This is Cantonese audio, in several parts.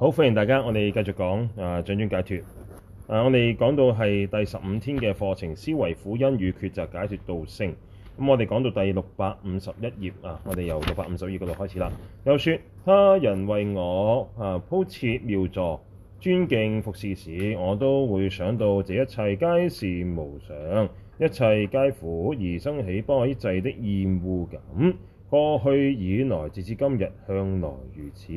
好，歡迎大家，我哋繼續講啊，掌中解脫。啊，我哋講到係第十五天嘅課程，思維苦因與抉擇解脫道性。咁、嗯、我哋講到第六百五十一頁啊，我哋由六百五十頁嗰度開始啦。又說，他人為我啊鋪設妙座，尊敬服侍時，我都會想到這一切皆是無常，一切皆苦而生起不可抑制的厭惡感。過去以來，直至今日，向來如此。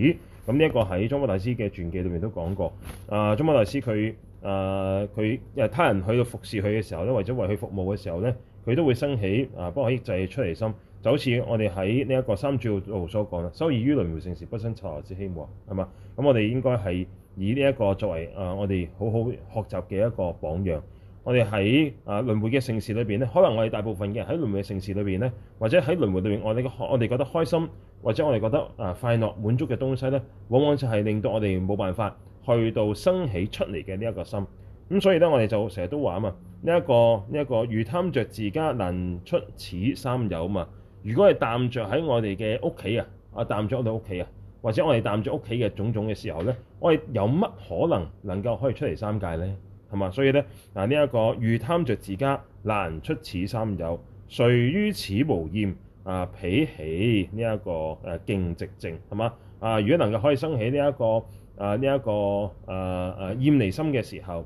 咁呢一個喺、呃宗喀巴大師嘅傳記裏面都講過。啊，宗喀巴大師佢啊，佢他人去到服侍佢嘅時候咧，或者為咗為佢服務嘅時候咧，佢都會生起啊、呃，不可抑制嘅出離心。就好似我哋喺呢一個三主要道所講啦，修已於輪迴盛事，不生求樂之希望，係嘛？咁我哋應該係以呢一個作為啊、呃，我哋好好學習嘅一個榜樣。我哋喺啊輪迴嘅城市裏邊咧，可能我哋大部分嘅人喺輪迴嘅城市裏邊咧，或者喺輪迴裏邊，我哋我哋覺得開心，或者我哋覺得啊快樂滿足嘅東西咧，往往就係令到我哋冇辦法去到生起出嚟嘅呢一個心。咁所以咧，我哋就成日都話啊嘛，呢一個呢一個如貪着自家能出此三有啊嘛。如果係貪着喺我哋嘅屋企啊，啊貪著我哋屋企啊，或者我哋貪着屋企嘅種種嘅時候咧，我哋有乜可能能夠可以出嚟三界咧？係嘛？所以咧，嗱呢一個欲貪着自家難出此三有，誰於此無厭啊？彼起呢、這、一個誒寂靜係嘛？啊，如果能夠可以生起呢、這、一個啊呢一、這個誒誒厭離心嘅時候，誒、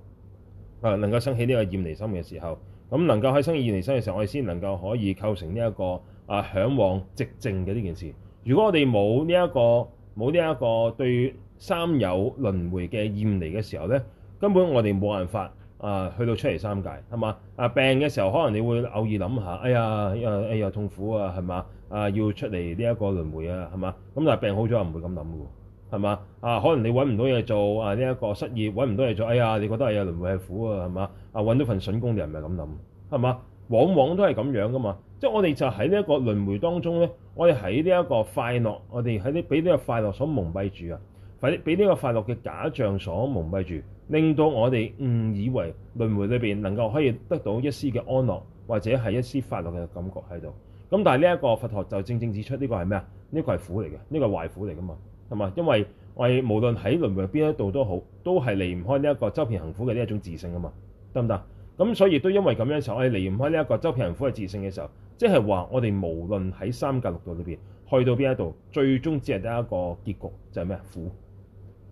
啊、能夠生起呢個厭離心嘅時候，咁能夠喺生起厭離心嘅時候，我哋先能夠可以構成呢、這、一個啊嚮往寂靜嘅呢件事。如果我哋冇呢一個冇呢一個對三有輪迴嘅厭離嘅時候咧？根本我哋冇辦法啊！去到出嚟三界係嘛啊？病嘅時候可能你會偶爾諗下，哎呀，哎呀痛苦啊，係嘛啊？要出嚟呢一個輪迴啊，係嘛？咁但係病好咗唔會咁諗嘅喎，係嘛啊？可能你揾唔到嘢做啊，呢一個失業揾唔到嘢做，哎呀，你覺得係有輪迴係苦啊，係嘛啊？揾到份筍工你又唔係咁諗，係嘛？往往都係咁樣噶嘛，即係我哋就喺呢一個輪迴當中咧，我哋喺呢一個快樂，我哋喺啲俾呢個快樂所蒙蔽住啊。快俾呢個快樂嘅假象所蒙蔽住，令到我哋誤以為輪迴裏邊能夠可以得到一絲嘅安樂，或者係一絲快樂嘅感覺喺度。咁但係呢一個佛學就正正指出呢個係咩啊？呢、呢個係苦嚟嘅，呢、呢個係壞苦嚟噶嘛？係嘛？因為我哋無論喺輪迴邊一度都好，都係離唔開呢一個周遍行苦嘅呢一種自性噶嘛？得唔得？咁所以都因為咁樣嘅時候，就是、我哋離唔開呢一個周遍行苦嘅自性嘅時候，即係話我哋無論喺三界六道裏邊去到邊一度，最終只係得一個結局，就係、是、咩苦？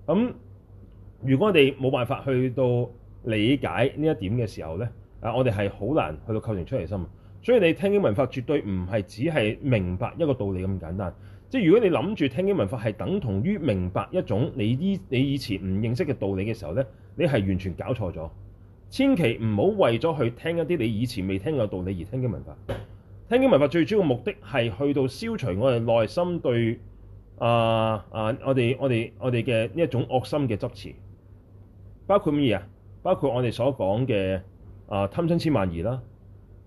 咁、嗯、如果我哋冇辦法去到理解呢一點嘅時候呢，啊我哋係好難去到構成出離心。所以你聽經文法絕對唔係只係明白一個道理咁簡單。即係如果你諗住聽經文法係等同於明白一種你依你以前唔認識嘅道理嘅時候呢，你係完全搞錯咗。千祈唔好為咗去聽一啲你以前未聽過嘅道理而聽經文法。聽經文法最主要嘅目的係去到消除我哋內心對。啊啊！我哋我哋我哋嘅呢一種惡心嘅執持，包括乜嘢啊？包括我哋所講嘅啊貪嗔痴慢疑啦，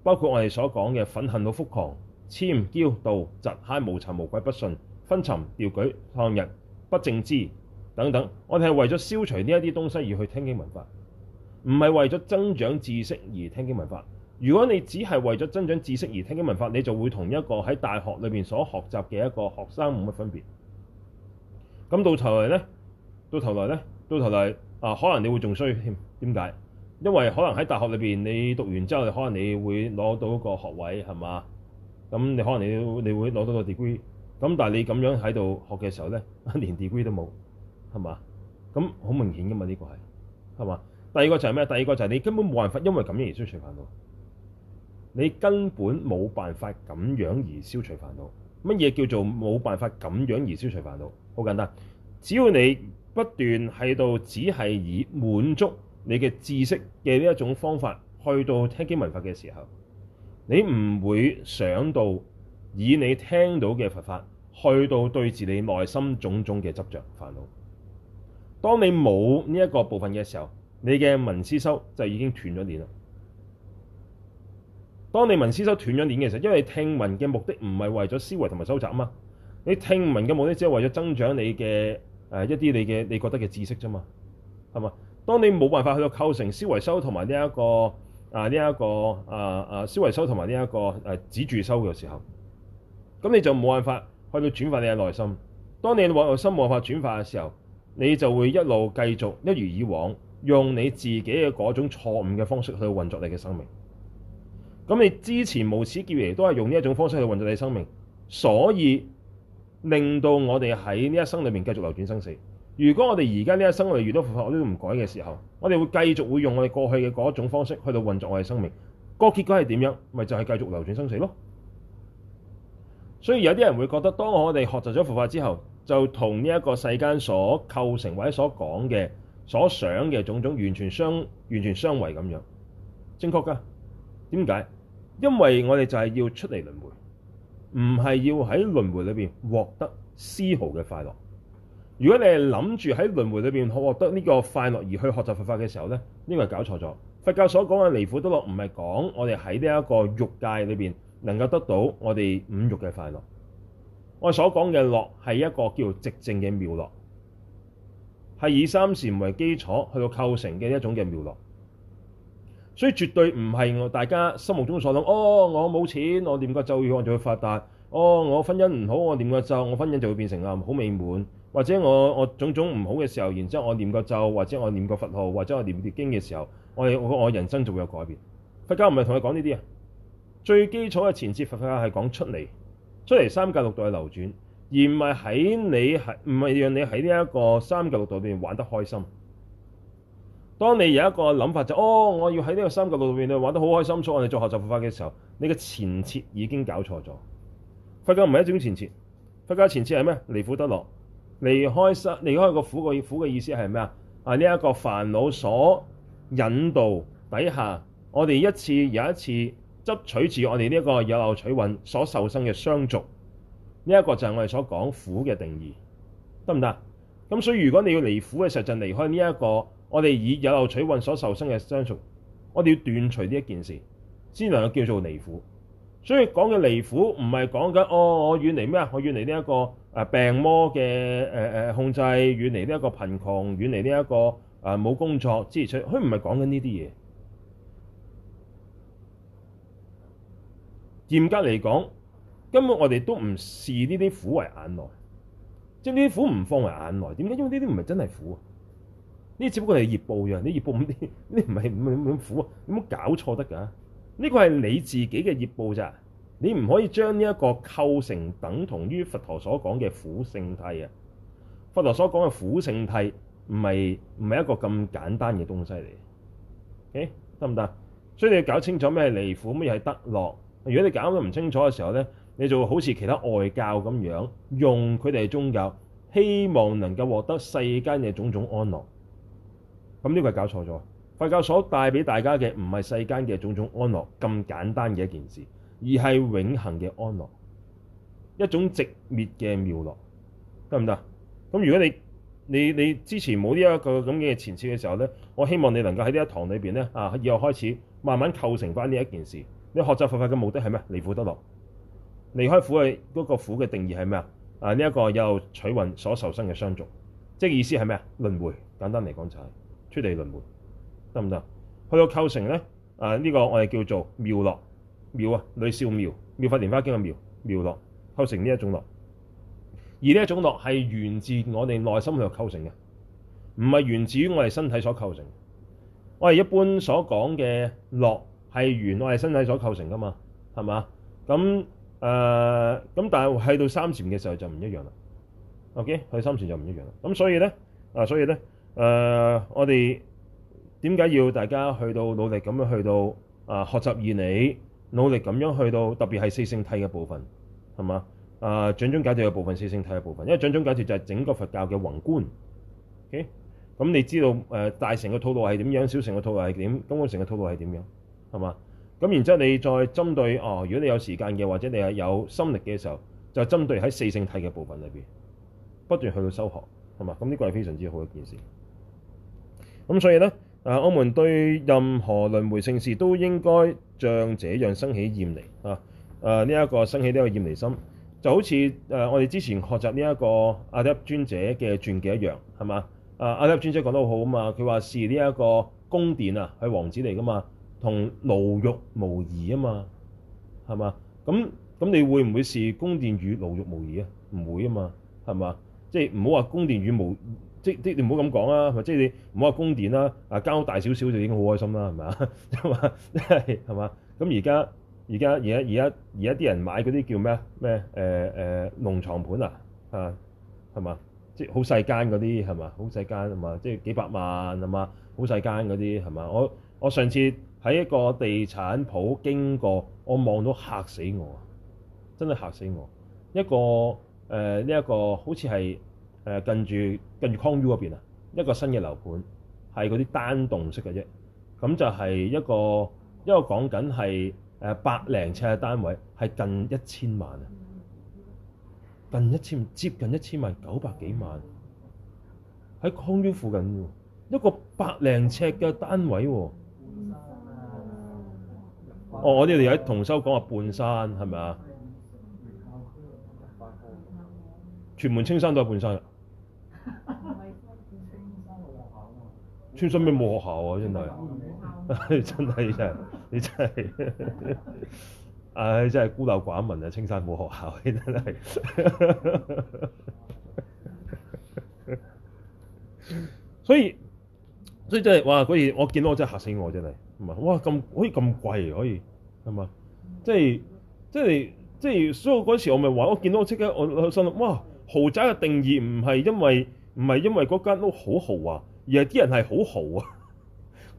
包括我哋所講嘅忿恨惱覆誑、慳憍諂嫉害無慚無愧不信」、「昏沉掉舉、懈怠不正知」等等。我哋係為咗消除呢一啲東西而去聽經聞法，唔係為咗增長知識而聽經聞法。如果你只係為咗增長知識而聽經聞法，你就會同一個喺大學裏面所學習嘅一個學生冇乜分別。咁到頭來咧，到頭來咧，到頭來啊，可能你會仲衰添？點解？因為可能喺大學裏邊你讀完之後，你可能你會攞到個學位，係嘛？咁你可能你你會攞到個 degree，咁但係你咁樣喺度學嘅時候咧，連 degree 都冇，係嘛？咁好明顯㗎嘛？呢個係係嘛？第二個就係咩？第二個就係你根本冇辦法，因為咁樣而消除煩惱，你根本冇辦法咁樣而消除煩惱。乜嘢叫做冇辦法咁樣而消除煩惱？好簡單，只要你不斷喺度只係以滿足你嘅知識嘅呢一種方法去到聽經聞法嘅時候，你唔會想到以你聽到嘅佛法去到對治你內心種種嘅執着煩惱。當你冇呢一個部分嘅時候，你嘅聞思修就已經斷咗線啦。.當你文思修斷咗鏈嘅時候，因為聽聞嘅目的唔係為咗思維同埋收集嘛，你聽聞嘅目的只係為咗增長你嘅誒、呃、一啲你嘅你覺得嘅知識啫嘛，係嘛？當你冇辦法去到構成思維修同埋呢一個啊呢一個啊啊思維修同埋呢一個誒、啊、止住修嘅時候，咁你就冇辦法去到轉化你嘅內心。當你內心冇辦法轉化嘅時候，你就會一路繼續一如以往用你自己嘅嗰種錯誤嘅方式去運作你嘅生命。咁你之前無始劫嚟都係用呢一種方式去運作你生命，所以令到我哋喺呢一生裏面繼續流轉生死。如果我哋而家呢一生我哋遇到佛法我都唔改嘅時候，我哋會繼續會用我哋過去嘅嗰一種方式去到運作我哋生命。個結果係點樣？咪就係、是、繼續流轉生死咯。所以有啲人會覺得，當我哋學習咗佛法之後，就同呢一個世間所構成或者所講嘅、所想嘅種種完全相完全相違咁樣。正確㗎，點解？因為我哋就係要出嚟輪迴，唔係要喺輪迴裏面獲得絲毫嘅快樂。如果你係諗住喺輪迴裏邊獲得呢個快樂而去學習佛法嘅時候，呢，呢個係搞錯咗。佛教所講嘅離苦得樂，唔係講我哋喺呢一個欲界裏面能夠得到我哋五欲嘅快樂。我所講嘅樂係一個叫寂靜嘅妙樂，係以三禪為基礎去到構成嘅一種嘅妙樂。所以絕對唔係我大家心目中所諗。哦，我冇錢，我念個咒語我就會發達。哦，我婚姻唔好，我念個咒，我婚姻就會變成啊好美滿。或者我我種種唔好嘅時候，然之後我念個咒，或者我念個佛號，或者我念經嘅時候，我我，我人生就會有改變。佛教唔係同你講呢啲啊，最基礎嘅前節佛法係講出嚟，出嚟三界六道係流轉，而唔係喺你係唔係讓你喺呢一個三界六道裏面玩得開心。當你有一個諗法就，哦，我要喺呢個三個路裡面玩得好開心，所以我哋做學習佛法嘅時候，你嘅前設已經搞錯咗。佛教唔係一種前設，佛教前設係咩？離苦得樂，離開失離開個苦，個苦嘅意思係咩啊？係呢一個煩惱所引導底下，我哋一次又一次執取住我哋呢一個有漏取蘊所受生嘅相續。呢一個就係我哋所講苦嘅定義，得唔得？咁所以如果你要離苦嘅時候，就離開呢一個。我哋以有漏取蘊所受生嘅相續，我哋要斷除呢一件事，先能夠叫做離苦。所以講嘅離苦唔係講緊哦，我遠離咩啊？我遠離呢一個病魔嘅誒誒控制，遠離呢一個貧窮，遠離呢一個冇、呃、工作支出。佢唔係講緊呢啲嘢。嚴格嚟講，根本我哋都唔視呢啲苦為眼內，即係呢啲苦唔放為眼內。點解？因為呢啲唔係真係苦啊！呢啲只不過係業報啫。你業報呢，你唔係唔苦啊？你唔好搞錯得㗎。呢、呢個係你自己嘅業報咋。你唔可以將呢一個構成等同於佛陀所講嘅苦聖諦啊！佛陀所講嘅苦聖諦唔係唔係一個咁簡單嘅東西嚟。誒，得唔得？所以你要搞清楚咩係離苦，咩係得樂。如果你搞得唔清楚嘅時候咧，你就會好似其他外教咁樣用佢哋嘅宗教，希望能夠獲得世間嘅種種安樂。咁呢個係搞錯咗。佛教所帶俾大家嘅唔係世間嘅種種安樂咁簡單嘅一件事，而係永恆嘅安樂，一種直滅嘅妙樂，得唔得？咁如果你你你之前冇呢一個咁嘅前設嘅時候咧，我希望你能夠喺呢一堂裏面咧啊，以後開始慢慢構成翻呢一件事。你學習佛法嘅目的係咩？離苦得樂。離開苦嘅嗰個苦嘅定義係咩啊？啊呢一個又取蘊所受生嘅相續，即係意思係咩啊？輪迴，簡單嚟講就係、是。出離輪門得唔得？去到構成咧，啊呢、這個我哋叫做妙樂妙啊，女少妙、妙法蓮花經嘅妙妙樂構成呢一種樂，而呢一種樂係源自我哋內心去構成嘅，唔係源自於我哋身體所構成的。我哋一般所講嘅樂係源我哋身體所構成噶嘛，係嘛？咁誒咁，呃、但係去到三禪嘅時候就唔一樣啦。OK，去三禪就唔一樣啦。咁所以咧啊，所以咧。誒、呃，我哋點解要大家去到努力咁樣去到啊？學習義理努力咁樣去到特別係四聖體嘅部分係嘛？啊，掌中解脫嘅部分四聖體嘅部分，因為掌中解脫就係整個佛教嘅宏觀。O K，咁你知道、呃、大成嘅套路係點樣，小成嘅套路係點，中間成嘅套路係點樣係嘛？咁、嗯、然之後你再針對哦，如果你有時間嘅或者你係有心力嘅時候，就針對喺四聖體嘅部分裏面，不斷去到修學係嘛？咁呢、嗯這個係非常之好嘅一件事。咁所以咧，我們對任何輪迴盛事都應該像這樣生起厭離啊！誒、啊，呢、這、一個生起呢個厭離心，就好似、啊、我哋之前學習呢一個阿底尊者嘅傳記一樣，係嘛？啊，阿底尊者講得好好啊嘛，佢話視呢一個宮殿啊，係王子嚟㗎嘛，同牢獄無異啊嘛，係嘛？咁咁，你會唔會視宮殿與牢獄無異啊？唔會啊嘛，係嘛？即係唔好話宮殿與無。即即你唔好咁講啊，即係你唔好話供電啦，啊間屋大少少就已經好開心啦，係咪啊？係嘛？係嘛？咁而家而家而家而家而家啲人買嗰啲叫咩啊？咩誒誒農場盤啊？嚇係嘛？即係好細間嗰啲係嘛？好細間係嘛？即係幾百萬係嘛？好細間嗰啲係嘛？我我上次喺一個地產鋪經過，我望到嚇死我，真係嚇死我！一個誒呢一個好似係。誒近住近住康裕嗰邊啊，一個新嘅樓盤係嗰啲單棟式嘅啫，咁就係一個一個講緊係誒百零尺嘅單位，係近一千萬啊，近一千接近一千萬九百幾萬，喺康裕附近一個百零尺嘅單位哦，我哋哋喺同修講話半山係咪啊？全門青山都係半山。青山邊冇學校啊，真係真係，你真係，唉、哎，真係孤陋寡聞啊！青山冇學校，真係。所以，所以真係哇！嗰時，我見到我真係嚇死我，真係唔係哇，咁可以咁貴，可以係嘛？即係即係即係，所以嗰時我咪話，我見到我即刻，我心諗哇，豪宅嘅定義唔係因為唔係因為嗰間屋好豪華。而有啲人係好豪啊，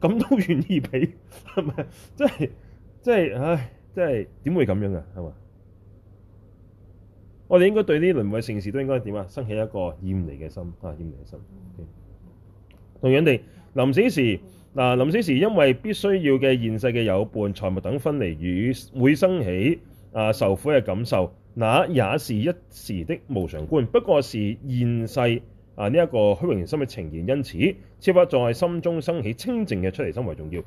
咁都願意俾，係咪？即係，即係，唉，真係點會咁樣嘅，係嘛？我哋應該對啲輪迴盛事都應該點啊？生起一個厭離嘅心啊，厭離嘅心、okay。同樣地，臨死時嗱、啊，臨死時因為必須要嘅現世嘅友伴、財物等分離，與會生起啊愁苦嘅感受，那也是一時的無常觀，不過是現世。啊！呢一個虛榮心嘅呈現，因此設法在心中升起清淨嘅出離心為重要。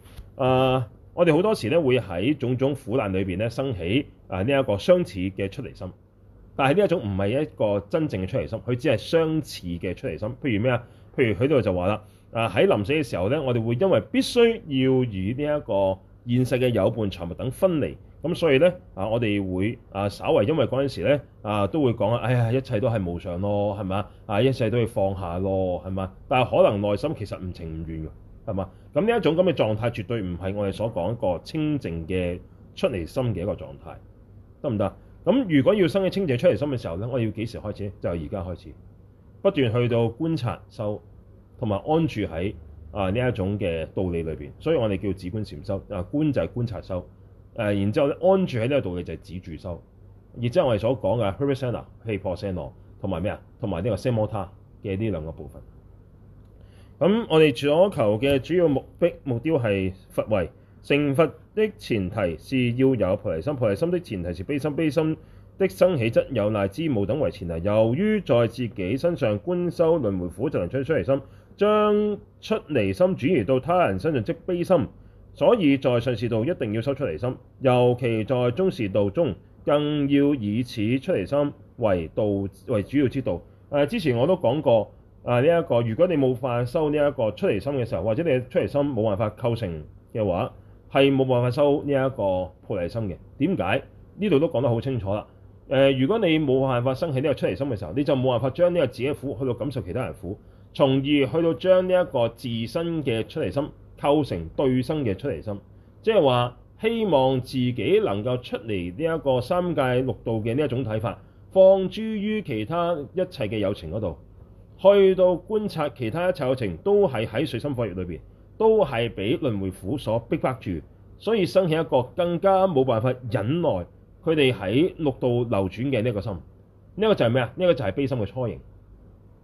啊，我哋好多時咧會喺種種苦難裏邊咧升起啊呢一個相似嘅出離心，但係呢一種唔係一個真正嘅出離心，佢只係相似嘅出離心。譬如咩啊？譬如佢度就話啦，啊喺臨死嘅時候咧，我哋會因為必須要與呢一個現世嘅友伴財物等分離。咁所以咧，啊，我哋會啊，稍微因為嗰陣時咧，啊，都會講哎呀，一切都係無常咯，係嘛？啊，一切都要放下咯，係嘛？但係可能內心其實唔情唔願㗎，係嘛？咁呢一種咁嘅狀態，絕對唔係我哋所講一個清淨嘅出離心嘅一個狀態，得唔得？咁如果要生起清淨出離心嘅時候咧，我要幾時開始咧？就係而家開始，不斷去到觀察修，同埋安住喺啊呢一種嘅道理裏邊。所以我哋叫止觀禪修，啊，觀就係觀察修。誒，然之後咧，安住喺呢個度嘅就係止住修，亦即係我哋所講嘅 p e r c a g a 同埋咩啊？同埋呢個 samatha 嘅呢兩個部分。咁、嗯、我哋所求嘅主要目標目標係佛位，成佛的前提是要有菩提心，菩提心的前提是悲心，悲心的生起則有賴知母等為前提。由於在自己身上觀修輪迴苦，就能出出離心，將出離心轉移到他人身上，即悲心。所以在上士道一定要修出離心，尤其在中士道中更要以此出離心為道為主要之道，啊。之前我都講過，誒呢一個如果你冇法修呢一個出離心嘅時候，或者你出離心冇辦法構成嘅話，係冇辦法修呢一個菩提心嘅。點解？呢度都講得好清楚啦，啊。如果你冇辦法生起呢個出離心嘅時候，你就冇辦法將呢個自己苦去到感受其他人的苦，從而去到將呢一個自身嘅出離心。構成對生嘅出離心，即係話希望自己能夠出嚟呢一個三界六道嘅呢一種睇法，放諸於其他一切嘅友情嗰度，去到觀察其他一切友情都係喺水深火熱裏邊，都係俾輪迴苦所逼迫住，所以生起一個更加冇辦法忍耐佢哋喺六道流轉嘅呢一個心，呢個就係咩啊？呢個就係悲心嘅雛形，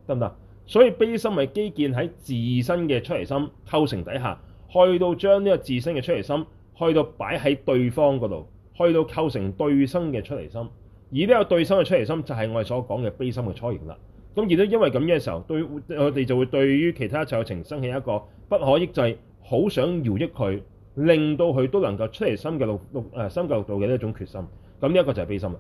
得唔得？所以悲心係基建喺自身嘅出離心構成底下。去到將呢個自身嘅出離心，去到擺喺對方嗰度，去到構成對生嘅出離心，而呢個對生嘅出離心就係我哋所講嘅悲心嘅初形啦。咁而都因為咁嘅時候，對我哋就會對於其他一切有情生起一個不可抑制，好想搖曳佢，令到佢都能夠出離心嘅六六誒心教度道嘅一種決心。咁呢一個就係悲心啦，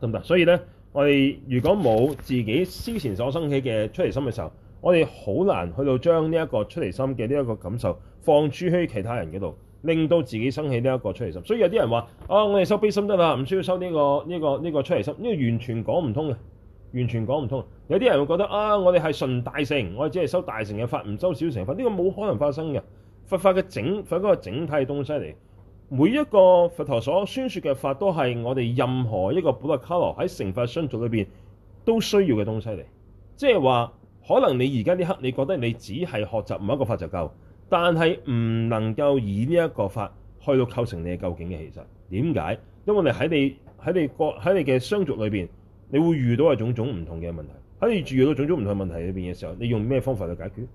得唔得？所以咧，我哋如果冇自己之前所生起嘅出離心嘅時候，我哋好難去到將呢一個出離心嘅呢一個感受放諸去其他人嗰度，令到自己生起呢一個出離心。所以有啲人話：啊，我哋修悲心得啦，唔需要修呢、這個呢、這個呢、這個出離心。呢、這個完全講唔通嘅，完全講唔通。有啲人會覺得啊，我哋係純大乘，我哋只係修大乘嘅法，唔修小乘法。呢、這個冇可能發生嘅。佛法嘅整，佛嗰個整體東西嚟，每一個佛陀所宣説嘅法，都係我哋任何一個補特伽羅喺成佛相續裏邊都需要嘅東西嚟，即係話。可能你而家呢刻你覺得你只係學習某一個法就夠，但係唔能夠以呢一個法去到構成你嘅究竟嘅。其實點解？因為你喺你喺你個喺你嘅相續裏邊，你會遇到係種種唔同嘅問題。喺你遇到種種唔同嘅問題裏邊嘅時候，你用咩方法去解決？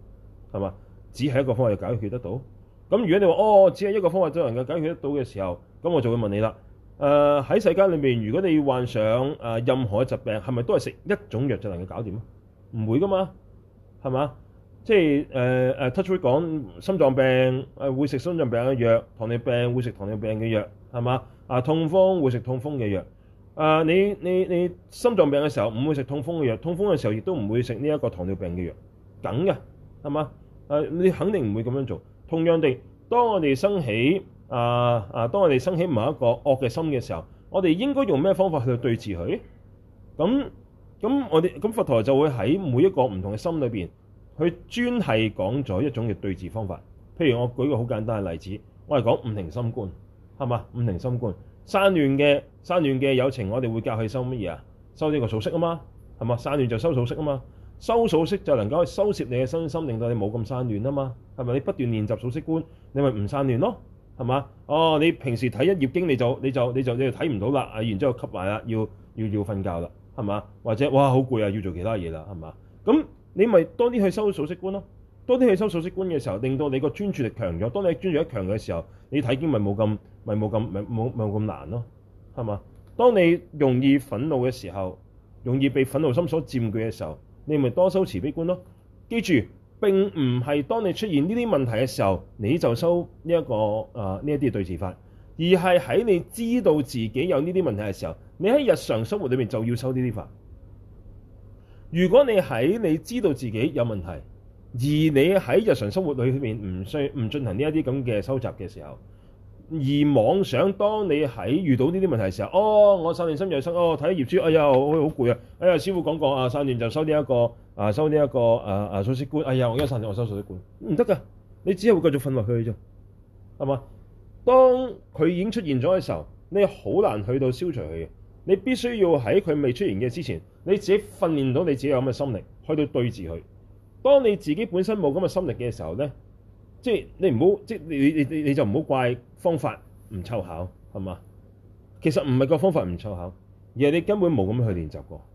係嘛？只係一個方法就解決得到？咁如果你話哦，只係一個方法就能夠解決得到嘅時候，咁我就會問你啦。誒、呃、喺世界裏面，如果你患上誒任何嘅疾病，係咪都係食一種藥就能夠搞掂啊？唔會噶嘛？係嘛？即係誒誒，touch with 講心臟病誒、呃、會食心臟病嘅藥，糖尿病會食糖尿病嘅藥，係嘛？啊，痛風會食痛風嘅藥。啊、呃，你你你心臟病嘅時候唔會食痛風嘅藥，痛風嘅時候亦都唔會食呢一個糖尿病嘅藥，梗嘅係嘛？誒、呃，你肯定唔會咁樣做。同樣地，當我哋生起啊、呃、啊，當我哋生起某一個惡嘅心嘅時候，我哋應該用咩方法去對治佢？咁、嗯咁我哋咁佛陀就會喺每一個唔同嘅心裏面，佢專係講咗一種嘅對治方法。譬如我舉個好簡單嘅例子，我係講五停心觀，係嘛？五停心觀散亂嘅散亂嘅有情，我哋會教佢收乜嘢啊？收呢個數息啊嘛，係嘛？散亂就收數息啊嘛，收數息就能夠收攝你嘅身心，令到你冇咁散亂啊嘛。係咪你不斷練習數息觀，你咪唔散亂咯？係嘛？哦，你平時睇一頁經你就你就你就你就睇唔到啦，啊，然之後吸埋啦，要要要瞓覺啦。係嘛？或者哇，好攰啊，要做其他嘢啦，係嘛？咁你咪多啲去修數息觀咯、啊。多啲去修數息觀嘅時候，令到你個專注力強咗。當你專注力強嘅時候，你睇經咪冇咁，咪冇咁，咪冇冇咁難咯、啊，係嘛？當你容易憤怒嘅時候，容易被憤怒心所佔據嘅時候，你咪多修慈悲觀咯、啊。記住，並唔係當你出現呢啲問題嘅時候，你就修呢、這、一個啊呢一啲對治法，而係喺你知道自己有呢啲問題嘅時候。你喺日常生活裏面就要收呢啲法。如果你喺你知道自己有問題，而你喺日常生活裏面唔需唔進行呢一啲咁嘅收集嘅時候，而妄想當你喺遇到呢啲問題嘅時候，哦，我散亂心又生，哦，睇業主，哎呀，我好攰啊！哎呀，師傅講過啊，散亂就收呢、這、一個啊，收呢、這、一個啊啊，數、啊、息觀。哎呀，我而家散亂，我收數息觀唔得㗎，你只係會繼續瞓落去啫。係嘛？當佢已經出現咗嘅時候，你好難去到消除佢嘅。你必須要喺佢未出現嘅之前，你自己訓練到你自己有咁嘅心力去到對治佢。當你自己本身冇咁嘅心力嘅時候咧，即係你唔好即係你你你你就唔好怪方法唔湊巧，係嘛？其實唔係個方法唔湊巧，而係你根本冇咁去練習過。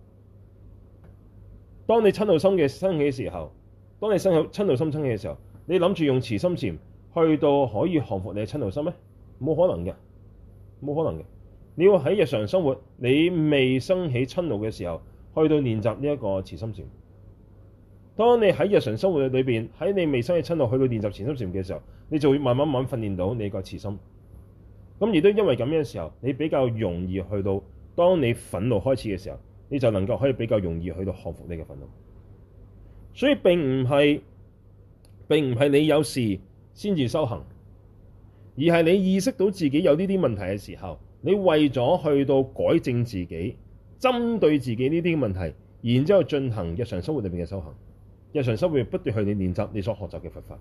當你親到心嘅生起嘅時候，當你生到親到心生起嘅時候，你諗住用慈心禪去到可以降服你嘅親到心咩？冇可能嘅，冇可能嘅。你要喺日常生活，你未生起嗔怒嘅時候，去到練習呢一個慈心禪。當你喺日常生活裏邊，喺你未生起嗔怒，去到練習慈心禪嘅時候，你就會慢慢慢訓練到你個慈心。咁而都因為咁樣嘅時候，你比較容易去到，當你憤怒開始嘅時候，你就能夠可以比較容易去到克服你嘅憤怒。所以並唔係並唔係你有事先至修行，而係你意識到自己有呢啲問題嘅時候。你為咗去到改正自己，針對自己呢啲問題，然之後進行日常生活裏面嘅修行，日常生活不斷去練習你所學習嘅佛法，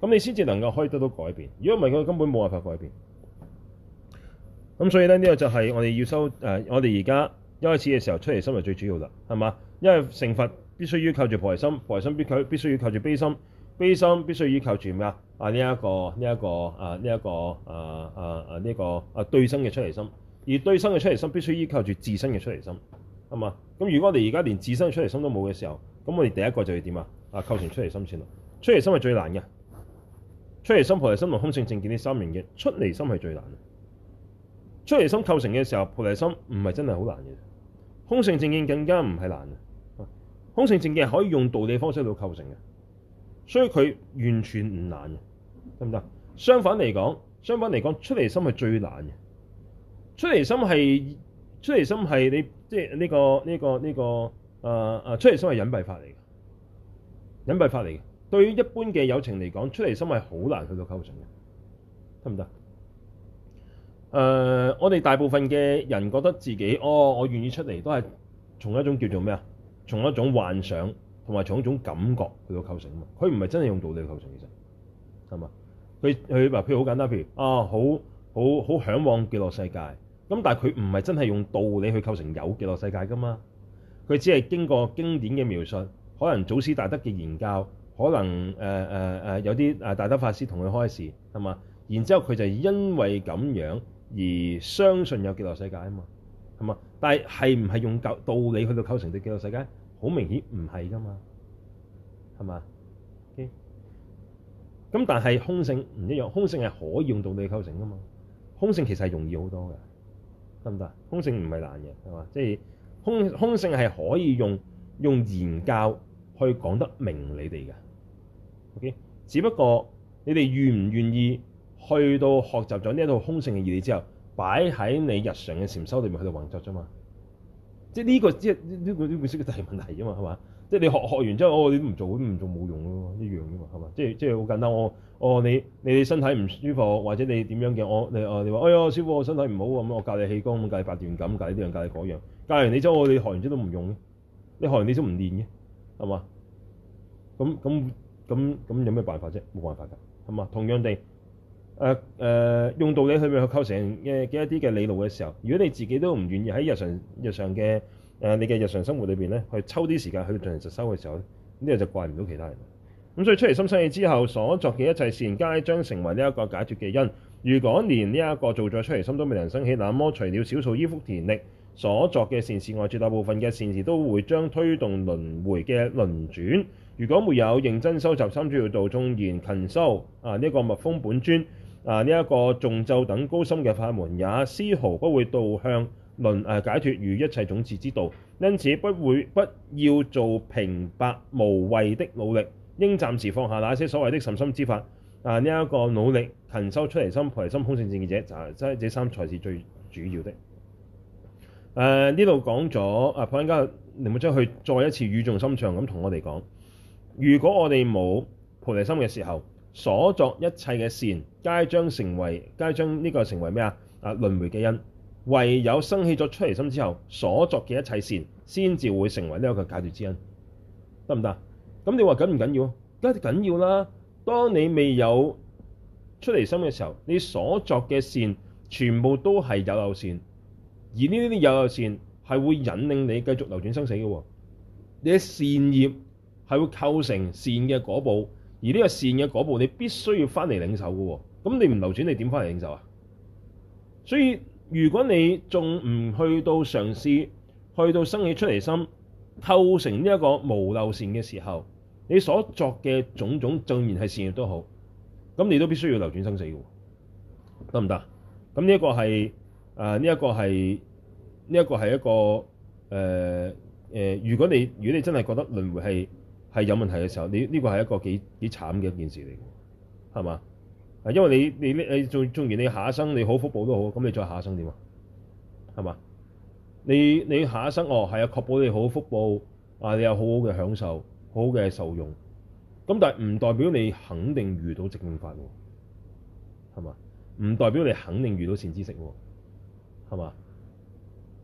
咁你先至能夠可以得到改變。如果唔係，佢根本冇辦法改變。咁所以咧，呢、這個就係我哋要修誒、呃，我哋而家一開始嘅時候出離心係最主要啦，係嘛？因為成佛必須要靠住菩提心，菩提心必須必須要靠住悲心，悲心必須要靠住咩啊？啊！呢、這、一個呢一、啊這個啊呢一、啊啊啊啊，這個啊啊、這個、啊呢個啊，啊對生嘅出離心，而對生嘅出離心必須依靠住自身嘅出離心係嘛。咁、嗯、如果我哋而家連自身嘅出離心都冇嘅時候，咁我哋第一個就要點啊？啊構成出離心先啦。出離心係最難嘅，出離心、菩提心同空性正見呢三樣嘢，出離心係最難。出離心構成嘅時候，菩提心唔係真係好難嘅，空性正見更加唔係難嘅、啊。空性正見可以用道理方式去到構成嘅，所以佢完全唔難嘅。得唔得？相反嚟講，相反嚟講，出離心係最難嘅。出離心係出離心係你即係呢個呢、呢個呢、呢個誒誒、呃、出離心係隱蔽法嚟嘅，隱蔽法嚟嘅。對於一般嘅友情嚟講，出離心係好難去到構成嘅，得唔得？誒、呃，我哋大部分嘅人覺得自己，哦，我願意出嚟都係從一種叫做咩啊，從一種幻想同埋從一種感覺去到構成啊嘛，佢唔係真係用道理嚟構成，其實係嘛？佢佢話，譬如好簡單，譬如啊，好好好向往極樂世界。咁但係佢唔係真係用道理去構成有極樂世界噶嘛？佢只係經過經典嘅描述，可能祖師大德嘅研究，可能誒誒誒有啲誒大德法師同佢開示，係嘛？然之後佢就因為咁樣而相信有極樂世界啊嘛，係嘛？但係係唔係用教道理去到構成啲極樂世界？好明顯唔係噶嘛，係嘛？咁但係空性唔一樣，空性係可以用道理構成噶嘛？空性其實係容易好多嘅，得唔得？空性唔係難嘅，係嘛？即係空空性係可以用用言教去講得明你哋嘅，OK？只不過你哋願唔願意去到學習咗呢一套空性嘅義理之後，擺喺你日常嘅禪修裏面去到運作啫嘛？即係呢個即係呢個呢個識嘅大問題啫嘛，係嘛？即係你學學完之後，我、哦、你都唔做，你唔做冇用咯，一樣啫嘛，係嘛？是即係即係好簡單，我我、哦、你你身體唔舒服，或者你點樣嘅，我、哦、你啊你話哎呀，師傅我身體唔好咁，我教你氣功，教你八段錦，教呢樣教嗰樣，教完你之後我哋、哦、學完之後都唔用嘅，你學完你都唔練嘅，係嘛？咁咁咁咁有咩辦法啫？冇辦法㗎，係嘛？同樣地，誒、呃、誒、呃、用道理去去構成嘅嘅一啲嘅理路嘅時候，如果你自己都唔願意喺日常日常嘅。誒、呃、你嘅日常生活裏邊咧，去抽啲時間去進行實修嘅時候咧，呢個就怪唔到其他人。咁所以出離心生起之後所作嘅一切善，皆將成為呢一個解脫嘅因。如果連呢一個做咗出離心都未能生起，那麼除了少數依福田力所作嘅善事外，絕大部分嘅善事都會將推動輪迴嘅輪轉。如果沒有認真收集心，三主要道中言勤修啊呢一、這個脈風本尊啊呢一、這個誦咒等高深嘅法門，也絲毫不會導向。論誒解脫與一切種智之道，因此不會不要做平白無謂的努力，應暫時放下那些所謂的甚深之法。啊、呃、呢一個努力勤修出離心、菩提心、空性正見者，就係即係這三才是最主要的。誒呢度講咗啊，普仁家尼摩將去再一次語重心長咁同我哋講：如果我哋冇菩提心嘅時候，所作一切嘅善，皆將成為，皆將呢個成為咩啊？啊輪迴嘅因。唯有生起咗出離心之後，所作嘅一切善，先至會成為呢一個解脫之因。得唔得？咁你話緊唔緊要？梗係緊要啦！當你未有出離心嘅時候，你所作嘅善全部都係有漏善，而呢啲啲有漏善係會引領你繼續流轉生死嘅喎。你嘅善業係會構成善嘅果報，而呢個善嘅果報，你必須要翻嚟領受嘅喎。咁你唔流轉，你點翻嚟領受啊？所以。如果你仲唔去到嘗試，去到生起出離心，構成呢一個無漏善嘅時候，你所作嘅種種，縱然係善業都好，咁你都必須要流轉生死嘅，得唔得？咁呢、呃呢個呢個、一個係，誒呢一個係，呢一個係一個誒如果你如果你真係覺得輪迴係係有問題嘅時候，你呢、呢個係一個幾幾慘嘅一件事嚟嘅，係嘛？因為你你你縱縱然你下一生你好福報都好，咁你再下一生點啊？係嘛？你你下一生哦，係啊，確保你好好福報啊，你有好好嘅享受，好好嘅受用。咁但係唔代表你肯定遇到正法喎，係嘛？唔代表你肯定遇到善知識喎，係嘛？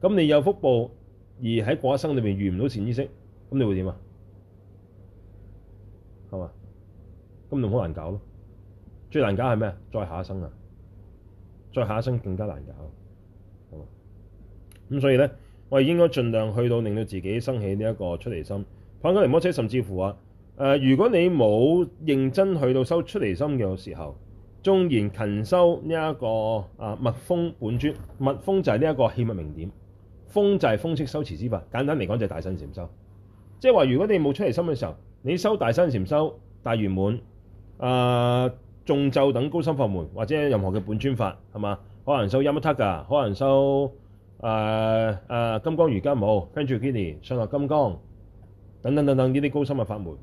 咁你有福報而喺過一生裏邊遇唔到善知識，咁你會點啊？係嘛？咁仲好難搞咯～最難搞係咩？再下一生啊，再下一生更加難搞。咁所以咧，我哋應該盡量去到令到自己生起呢一個出離心，反觀泥摩托車。甚至乎啊，誒、呃，如果你冇認真去到修出離心嘅時候，縱然勤修呢一個啊脈風本尊，脈風就係呢一個氣脈明點，風就係風息修持之法。簡單嚟講，就係大身禪修。即係話，如果你冇出離心嘅時候，你修大身禪修大圓滿啊！誦咒等高深法門或者任何嘅本尊法係嘛，可能收 Yamantaka，可能受誒誒金剛瑜伽母、Pandjini、上樂金剛等等等等呢啲高深嘅法門，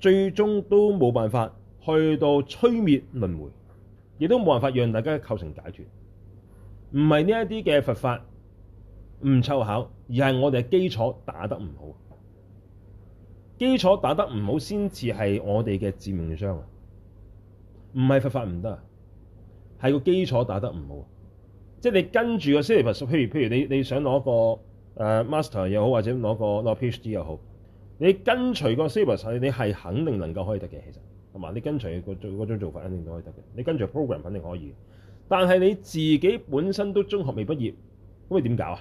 最終都冇辦法去到摧滅輪迴，亦都冇辦法讓大家構成解脫。唔係呢一啲嘅佛法唔湊巧，而係我哋嘅基礎打得唔好，基礎打得唔好先至係我哋嘅致命傷啊！唔係佛法唔得啊，係個基礎打得唔好。即係你跟住個 syllabus 譬如譬如你你想攞個誒、uh, master 又好，或者攞個攞 PhD 又好，你跟隨個 syllabus 你係肯定能夠可以得嘅。其實同埋你跟隨個做嗰種做法，肯定都可以得嘅。你跟住 program 肯定可以的，但係你自己本身都中學未畢業，咁你點搞啊？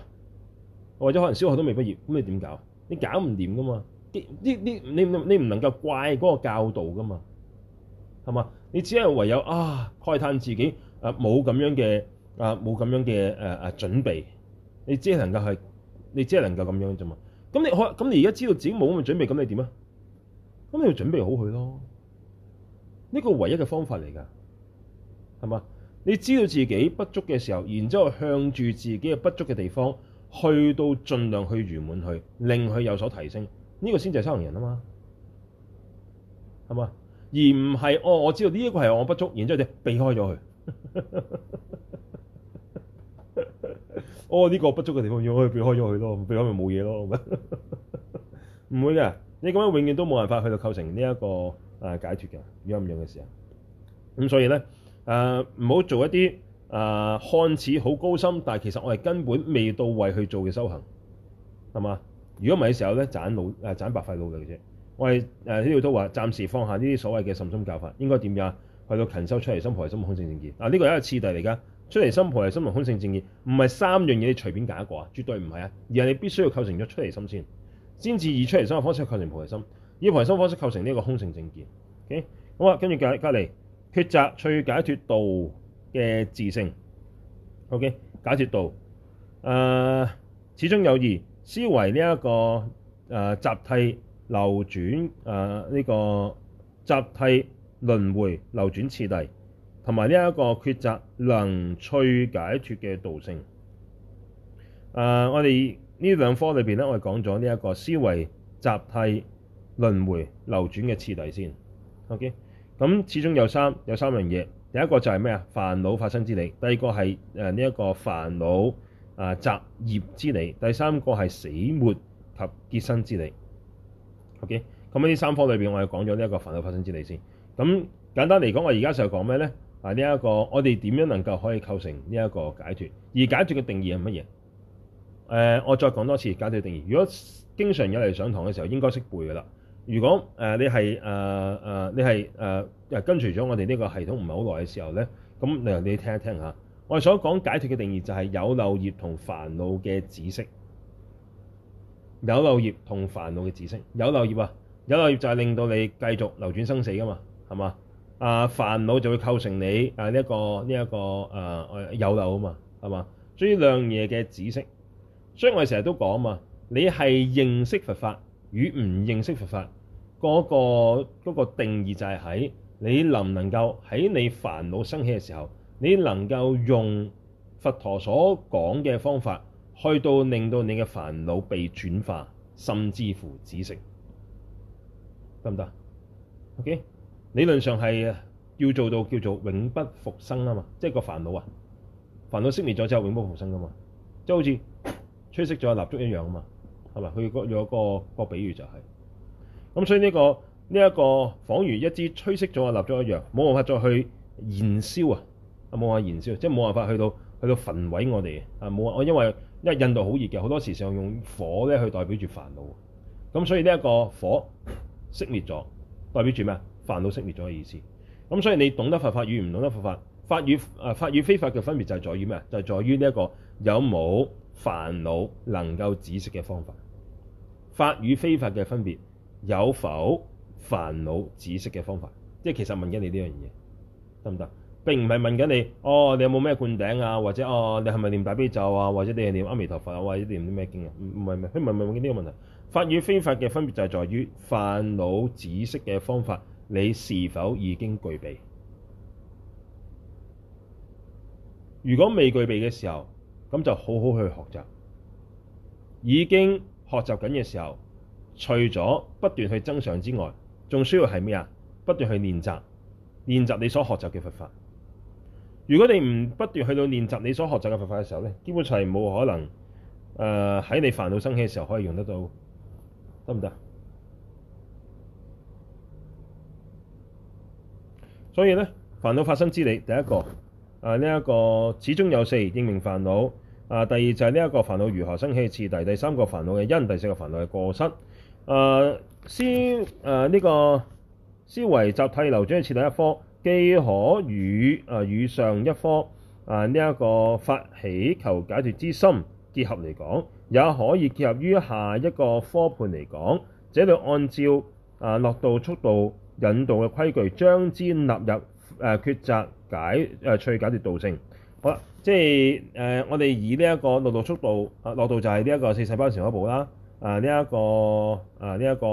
或者可能小學都未畢業，咁你點搞？你搞唔掂噶嘛？啲啲你你唔能夠怪嗰個教導噶嘛？係嘛？你只係唯有啊，慨嘆自己啊，冇咁樣嘅啊，冇咁樣嘅誒誒準備，你只係能夠係，你只係能夠咁樣啫嘛。咁你可，咁、啊、你而家知道自己冇咁嘅準備，咁你點啊？咁你要準備好佢咯，呢個唯一嘅方法嚟㗎。係嘛？你知道自己不足嘅時候，然之後向住自己嘅不足嘅地方，去到儘量去圓滿去，令佢有所提升，呢、這個先至係修行人啊嘛。係嘛？而唔係哦，我知道呢一個係我不足，然之後就避開咗佢。 哦，呢、這個不足嘅地方，可以避開咗佢咯，避開咪冇嘢咯。唔 會嘅，你咁樣永遠都冇辦法去到構成呢一個誒解脫嘅。如果唔樣嘅時候，咁所以咧誒唔好做一啲誒、呃、看似好高深，但係其實我哋根本未到位去做嘅修行，係嘛？如果唔係嘅時候咧，盞腦誒盞白費腦力嘅啫。我哋誒呢度都話，暫時放下呢啲所謂嘅甚深教法，應該點樣？去到勤修出離心、菩提心同空性正見。嗱、啊、呢、這個是一個次第嚟噶，出離心、菩提心同空性正見不是，唔係三樣嘢你隨便揀一個啊，絕對唔係啊。而係你必須要構成咗出離心先，先至以出離心嘅方式構成菩提心，以菩提心方式構成呢一個空性正見。OK，好、嗯、啊，跟住隔隔離抉擇趣解脫道嘅自性。OK，解脫道誒、呃、始終有二，思維呢一個誒、呃、集諦。流轉，誒、呃、呢、這個集諦輪迴流轉次第，同埋呢一個抉擇能趣解脱嘅道性。誒、呃，我哋呢兩科裏邊咧，我哋講咗呢一個思維集諦輪迴流轉嘅次第先。OK，咁、嗯、始終有三有三樣嘢，第一個就係咩啊？煩惱發生之理，第二個係誒呢一個煩惱啊集業之理，第三個係死歿及結生之理。O.K. 咁呢三科裏面，我哋講咗呢一個煩惱發生之理先。咁簡單嚟講，我而家就講咩咧？呢、這、一個，我哋點樣能夠可以構成呢一個解脫？而解脫嘅定義係乜嘢？我再講多次解脫嘅定義。如果經常有嚟上堂嘅時候，應該識背噶啦。如果、呃、你係、呃啊、你係、呃、跟隨咗我哋呢個系統唔係好耐嘅時候咧，咁你，你聽一聽嚇。我哋所講解脫嘅定義就係有漏業同煩惱嘅止息。有漏業同煩惱嘅知識，有漏業啊，有漏業就係令到你繼續流轉生死噶嘛，係嘛？啊，煩惱就會構成你啊呢一、這個呢一個誒有漏啊嘛，係嘛？所以兩樣嘢嘅知識，所以我哋成日都講啊嘛，你係認識佛法與唔認識佛法嗰、嗰個、嗰個定義就係喺你，你能唔能夠喺你煩惱生起嘅時候，你能夠用佛陀所講嘅方法。去到令到你嘅煩惱被轉化，甚至乎止息，得唔得？OK，理論上係要做到叫做永不復生啊嘛，即係、就是、個煩惱啊，煩惱熄滅咗之後永不復生噶嘛，即係好似吹熄咗嘅蠟燭一樣啊嘛，係咪？佢個有個個比喻就係、是、咁，所以呢、這個呢一、這個仿如一支吹熄咗嘅蠟燭一樣，冇辦法再去燃燒啊，啊冇啊燃燒，即係冇辦法去到去到焚毀我哋啊冇啊，我因為。因為印度好熱嘅，好多時常用火咧去代表住煩惱，咁所以呢一個火熄滅咗，代表住咩啊？煩惱熄滅咗嘅意思。咁所以你懂得佛法與唔懂得佛法，法，法與誒、呃、法與非法嘅分別就係在於咩啊？就係、是、在於呢一個有冇煩惱能夠止息嘅方法。法與非法嘅分別有否煩惱止息嘅方法？即係其實問緊你呢樣嘢，得唔得？並唔係問緊你，哦，你有冇咩灌頂啊？或者哦，你係咪念大悲咒啊？或者你係念阿彌陀佛啊？或者你念啲咩經啊？唔，唔係唔係，佢唔係問緊呢個問題。法與非法嘅分別就係在於煩惱止息嘅方法，你是否已經具備？如果未具備嘅時候，咁就好好去學習。已經學習緊嘅時候，除咗不斷去增長之外，仲需要係咩啊？不斷去練習，練習你所學習嘅佛法。如果你唔不斷去到練習你所學習嘅佛法嘅時候咧，基本上係冇可能誒喺、呃、你煩惱生起嘅時候可以用得到，得唔得？所以咧，煩惱發生之理，第一個誒呢一個始終有四認明煩惱；啊，第二就係呢一個煩惱如何生起次第；第三個煩惱嘅因；第四個煩惱嘅過失。誒、啊、思誒呢、啊這個思維集諦流轉次第一科。既可與啊與上一科啊呢一個發起求解脫之心結合嚟講，也可以結合於下一個科判嚟講。這度按照啊樂道速道引導嘅軌炬，將之納入誒抉擇解誒趣解脫道性。好啦，即係誒我哋以呢一個樂道速道啊，樂道就係呢一個四世班禪前一步啦。啊呢一個啊呢一個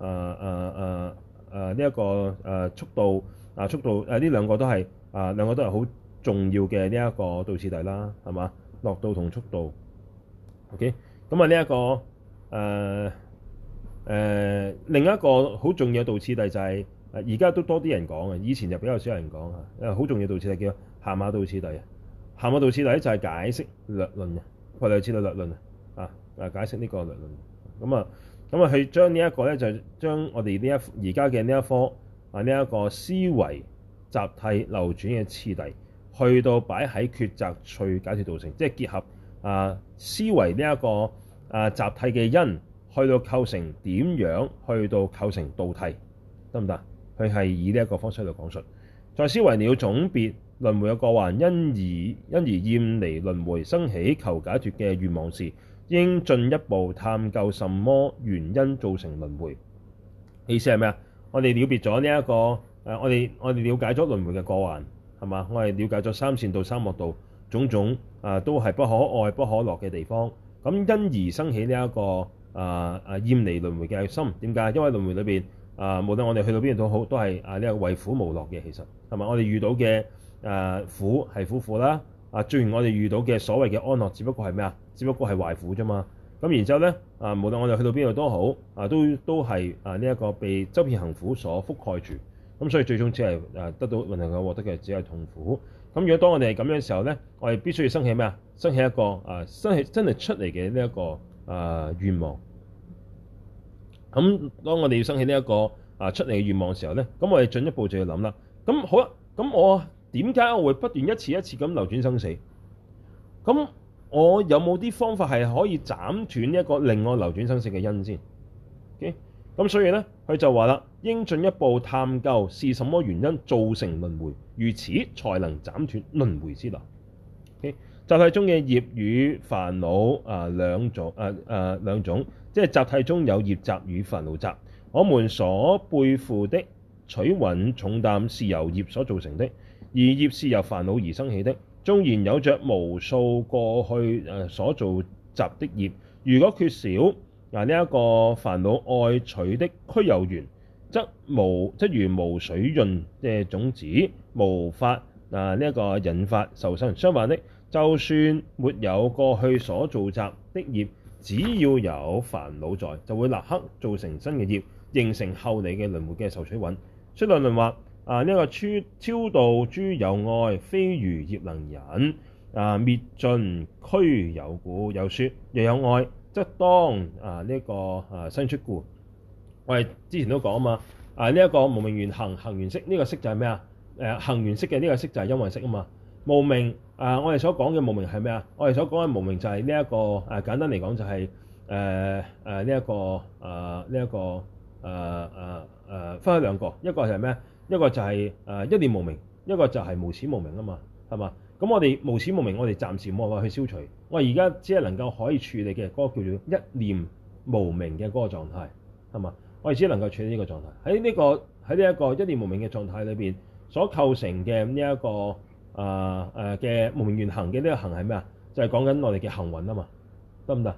啊啊啊啊呢一個啊速道。啊，速道誒，呢、啊、兩個都係啊，兩個都係好重要嘅呢一個道次第啦，係嘛？樂道同速道，OK、這個。咁、呃、啊，呢一個另一個好重要道次第就係、是，而、啊、家都多啲人講啊，以前就比較少人講啊。好重要道次第叫下馬道次第啊。下馬道次第就係解釋論略論啊，破略次類略論啊，啊，解釋呢個略論。咁啊，咁啊，佢將呢一個咧就將我哋呢一而家嘅呢一科。啊！呢、這、一個思維集諦流轉嘅次第，去到擺喺抉擇趣解脫道性，即係結合啊思維呢、這、一個啊集諦嘅因，去到構成點樣，去到構成道諦，得唔得？佢係以呢一個方式去講述。在思維了總別輪迴嘅過患，因而因而厭離輪迴生起求解脫嘅願望時，應進一步探究什麼原因造成輪迴？意思係咩啊？我哋了別咗呢一個，誒，我哋我哋瞭解咗輪迴嘅過患，係嘛？我哋了解咗三善道、三惡道，種種啊都係不可愛、不可樂嘅地方。咁因而生起呢、這、一個啊啊厭離輪迴嘅心。點解？因為輪迴裏邊啊，無論我哋去到邊度都好，都係啊呢個為苦無樂嘅。其實係嘛？我哋遇到嘅誒、啊、苦係苦苦啦。啊，雖然我哋遇到嘅所謂嘅安樂，只不過係咩啊？只不過係壞苦咋嘛？咁然之後咧，啊，無論我哋去到邊度都好，啊，都都係啊呢一、這個被周遍行苦所覆蓋住。咁、啊、所以最終只係啊得到能夠嘅獲得嘅只係痛苦。咁、啊、如果當我哋係咁樣嘅時候咧，我哋必須要生起咩啊？生起一個啊，生起真係出離嘅呢一個啊願望。咁、啊、當我哋要生起呢、這、一個啊出離嘅願望時候咧，咁、啊、我哋進一步就要諗啦。咁、啊、好啦，咁、啊、我點解我會不斷一次一次咁流轉生死？咁、啊我有冇啲方法係可以斬斷一個令我流轉生死嘅因先？咁、okay? 所以呢，佢就話啦，應進一步探究是什麼原因造成輪迴，如此才能斬斷輪迴之流。Okay? 集諦中嘅業與煩惱啊、呃、兩種啊啊、呃呃、即係集諦中有業集與煩惱集。我們所背負的取蘊重擔是由業所造成的，而業是由煩惱而生起的。縱然有着無數過去誒所造集的業，如果缺少嗱呢一個煩惱愛取的俱有緣，則無則如無水潤嘅種子，無法嗱呢一個引發受生。相反的，就算沒有過去所造集的業，只要有煩惱在，就會立刻造成新嘅業，形成後嚟嘅輪迴嘅受取蘊。出嚟輪滑。啊！呢、這個超、超度諸有愛，非餘業能引。啊！滅盡俱有故，又說若有愛，即當當啊呢一、這個啊出生故。我哋之前都講啊嘛。啊！呢、這、一個無明緣行，行緣識。呢、這個識就係咩啊？行緣識嘅呢個識就係因位識啊嘛。無明，啊！我哋所講嘅無明係咩啊？我哋所講嘅無明就係呢一個誒、啊、簡單嚟講就係誒誒呢一個呢一、啊這個、啊啊啊、分開兩個，一個就係咩？一個就係誒一念無明，一個就係無始無明啊嘛，係嘛？咁我哋無始無明，我哋暫時冇法去消除。我而家只係能夠可以處理嘅嗰個叫做一念無明嘅嗰個狀態，係嘛？我哋只能夠處理呢個狀態。喺呢、這個喺呢一個一念無明嘅狀態裏邊，所構成嘅呢一個誒誒嘅無明緣行嘅呢個行係咩啊？就係講緊我哋嘅行運啊嘛，得唔得？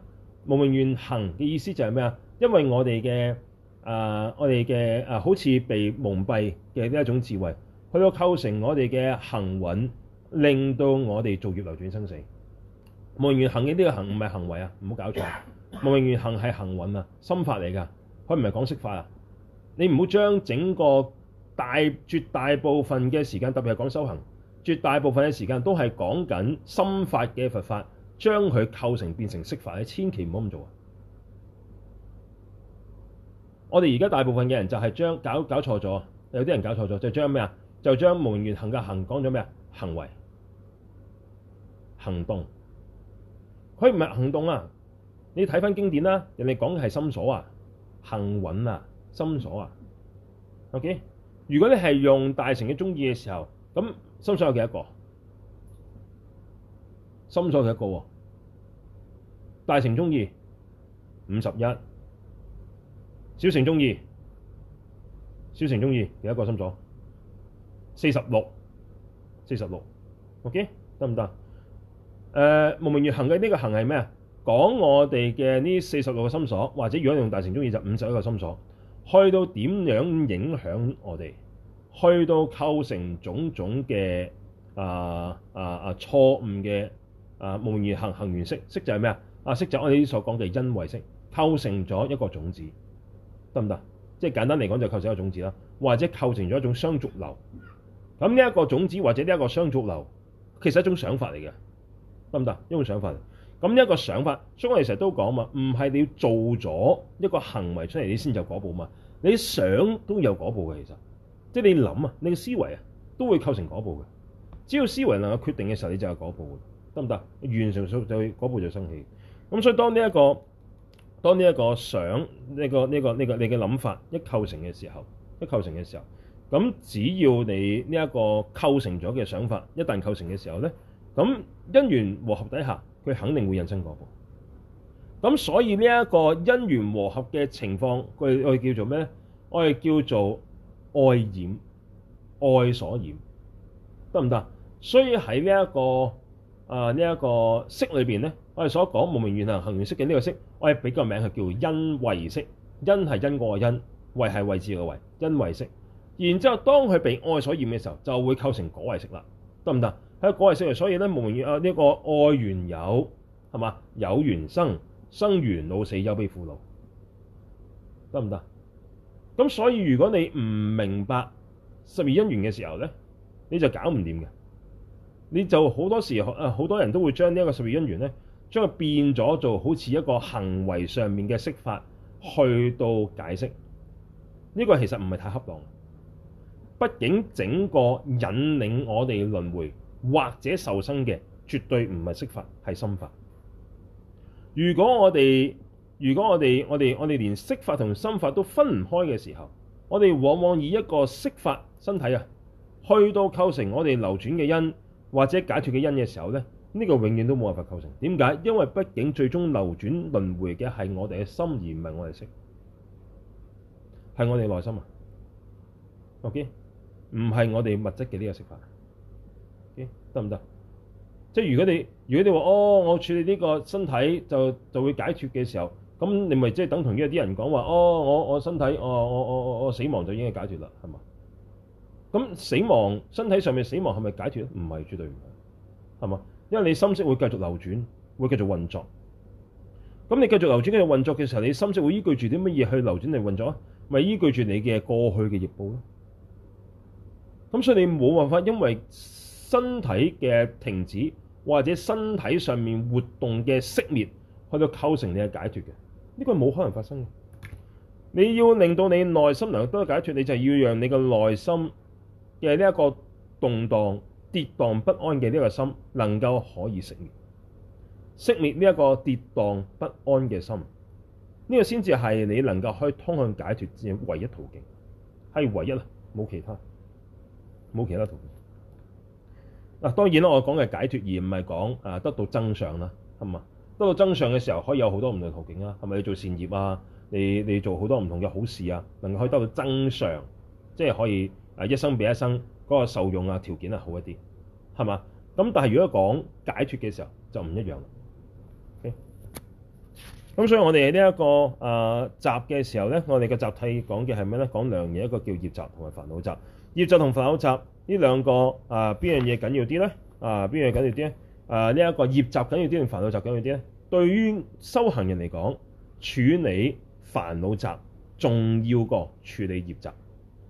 無明緣行嘅意思就係咩啊？因為我哋嘅啊！Uh, 我哋嘅、uh, 好似被蒙蔽嘅呢一種智慧，佢都構成我哋嘅行運，令到我哋做業流轉生死。無明緣行嘅呢個行唔係行為啊，唔好搞錯。無明緣行係行運啊，心法嚟㗎，佢唔係講色法啊。你唔好將整個大絕大部分嘅時間，特別係講修行，絕大部分嘅時間都係講緊心法嘅佛法，將佢構成變成色法，你千祈唔好咁做啊！我哋而家大部分嘅人就係將搞搞錯咗，有啲人搞錯咗，就將咩啊？就將門圓行嘅行講咗咩啊？行為、行動，佢唔係行動啊！你睇翻經典啦，人哋講嘅係心所啊、行運啊、心所啊。OK，如果你係用大成嘅中意嘅時候，咁心所有幾多個？心所有一個喎，大成中意五十一。小乘宗義，小乘宗義，有一個心所四十六，四十六，OK，得唔得？誒、呃，無明緣行嘅呢個行係咩啊？講我哋嘅呢四十六個心所，或者如果用大乘宗義就五十一個心所，去到點樣影響我哋？去到構成種種嘅啊啊啊錯誤嘅啊無明緣行，行緣識，識就係咩啊？啊識、啊啊、就，啊就我哋所講嘅因位識，構成咗一個種子。得唔得？即係簡單嚟講，就構成一個種子啦，或者構成咗一種相續流。咁呢一個種子或者呢一個相續流，其實係一種想法嚟嘅，得唔得？一種想法嚟。咁呢一個想法，所以我哋成日都講嘛，唔係你要做咗一個行為出嚟，你先有果報嘛。你想都有果報嘅，其實，即係你諗啊，你嘅思維啊，都會構成果報嘅。只要思維能夠決定嘅時候，你就係果報嘅，得唔得？完成就就果報就生起。咁所以當呢一個當呢一個想呢、這個呢、這個呢、這個、這個、你嘅諗法一構成嘅時候，一構成嘅時候，咁只要你呢一個構成咗嘅想法一旦構成嘅時候咧，咁因緣和合底下，佢肯定會引生果報。咁所以呢一個因緣和合嘅情況，佢我哋叫做咩咧？我哋叫做愛染，愛所染，得唔得？所以喺呢一個。啊！呢、這、一個色裏邊咧，我哋所講無名緣行，行緣色嘅呢個色，我係俾個名佢叫因慧色。是因係因愛因，慧係為自個慧，因慧色。然之後當佢被愛所染嘅時候，就會構成果慧色啦，得唔得？喺果慧色嚟，所以咧無名啊呢、這個愛緣有，係嘛？有緣生，生緣老死，有悲苦勞，得唔得？咁所以如果你唔明白十二因緣嘅時候咧，你就搞唔掂嘅。你就好多時啊，好多人都會將呢一個十二因緣咧，將佢變咗做好似一個行為上面嘅色法去到解釋呢、呢個其實唔係太恰當的。畢竟整個引領我哋輪迴或者受生嘅絕對唔係色法，係心法。如果我哋如果我哋我哋我哋連色法同心法都分唔開嘅時候，我哋往往以一個色法身體啊去到構成我哋流轉嘅因，或者解脫嘅因嘅時候咧，呢個永遠都冇辦法構成。點解？因為畢竟最終流轉輪迴嘅係我哋嘅心，而唔係我哋食，係我哋內心啊。OK，唔係我哋物質嘅呢個食法。OK，得唔得？即係如果你如果你話哦，我處理呢個身體就就會解脫嘅時候，咁你咪即係等同於有啲人講話哦，我我身體哦我我我我死亡就已經係解脫啦，係嘛？咁死亡身體上面死亡係咪解脫咧？唔係，絕對唔係，係嘛？因為你心識會繼續流轉，會繼續運作。咁你繼續流轉，繼續運作嘅時候，你心識會依據住啲乜嘢去流轉嚟運作啊？咪依據住你嘅過去嘅業報咯。咁所以你冇辦法因為身體嘅停止或者身體上面活動嘅熄滅去到構成你嘅解脫，嘅呢個冇可能發生嘅。你要令到你內心能夠得解脫，你就係要讓你嘅內心。亦係呢一個動盪、跌宕不安嘅呢一個心，能夠可以熄滅，熄滅呢一個跌宕不安嘅心，呢個先至係你能夠可以通向解脱之唯一途徑，係唯一啊，冇其他，冇其他途徑。嗱，當然啦，我講嘅解脱而唔係講啊得到真相啦，係嘛？得到真相嘅時候可以有好多唔同嘅途徑啊，係咪？你做善業啊，你你做好多唔同嘅好事啊，能夠可以得到真相，即係可以。啊一生比一生嗰、那個受用啊，條件啊好一啲，係嘛？咁但係如果講解脱嘅時候就唔一樣。咁、okay? 所以我哋呢一個啊、呃、集嘅時候咧，我哋嘅集諦講嘅係咩咧？講兩樣，一個叫業集同埋煩惱集。業集同煩惱集呢兩個啊，邊樣嘢緊要啲咧？啊，邊樣緊要啲咧？啊，呢一個業集緊要啲定煩惱集緊要啲咧？對於修行人嚟講，處理煩惱集重要過處理業集。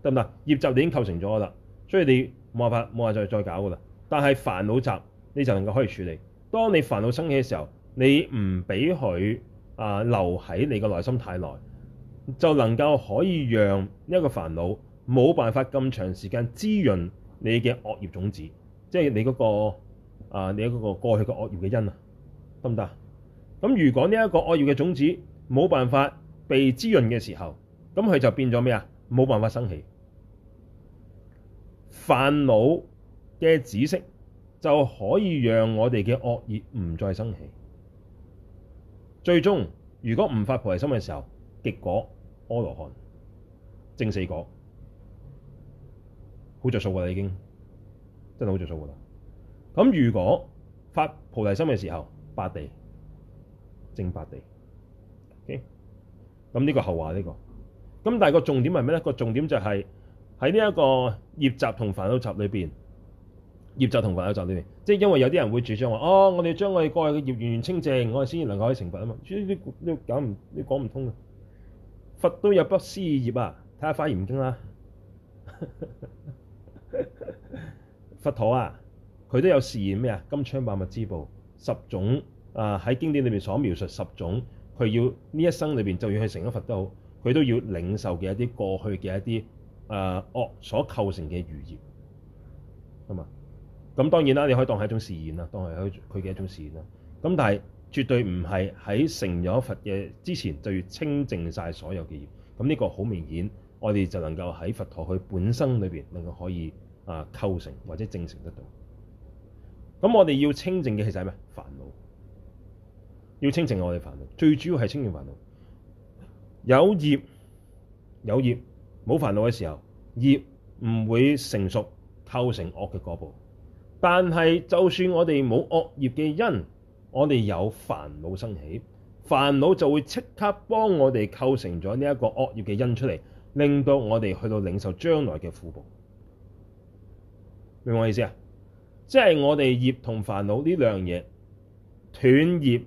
得唔得？業集你已經構成咗啦，所以你冇辦法冇話再再搞噶啦。但係煩惱集你就能夠可以處理。當你煩惱生起嘅時候，你唔俾佢啊留喺你個內心太耐，就能夠可以讓呢一個煩惱冇辦法咁長時間滋潤你嘅惡業種子，即係你嗰個啊你嗰個過去嘅惡業嘅因啊，得唔得？咁如果呢一個惡業嘅種子冇辦法被滋潤嘅時候，咁佢就變咗咩啊？冇辦法生氣，煩惱嘅紫色就可以讓我哋嘅惡意唔再生起。最終，如果唔發菩提心嘅時候，結果阿羅漢，正四果，好着數噶啦，已經，真係好着數噶啦。咁如果發菩提心嘅時候，八地，正八地，OK，咁呢個後話呢個。咁但係個重點係咩咧？個重點就係喺呢一個業集同煩惱集裏邊，業集同煩惱集裏邊，即係因為有啲人會主張話：哦，我哋將我哋過去嘅業完完清淨，我哋先至能夠去成佛啊嘛！呢啲講唔呢講唔通啊！佛都有不思議業啊，睇下《法言經》啦， 佛陀啊，佢都有示現咩啊？金槍百物之寶十種啊，喺經典裏面所描述十種，佢要呢一生裏邊就要去成一佛都好。佢都要領受嘅一啲過去嘅一啲誒惡所構成嘅餘業啊嘛，咁當然啦，你可以當係一種示現啦，當係佢嘅一種示現啦。咁但係絕對唔係喺成咗佛嘅之前就要清淨晒所有嘅業。咁呢個好明顯，我哋就能夠喺佛陀佢本身裏邊能夠可以啊、呃、構成或者證成得到。咁我哋要清淨嘅其實係咩？煩惱，要清淨我哋煩惱，最主要係清淨煩惱。有業有業，冇煩惱嘅時候，業唔會成熟構成惡嘅果報。但係就算我哋冇惡業嘅因，我哋有煩惱生起，煩惱就會即刻幫我哋構成咗呢一個惡業嘅因出嚟，令到我哋去到領受將來嘅苦報。明白我意思啊？即係我哋業同煩惱呢兩樣嘢，斷業，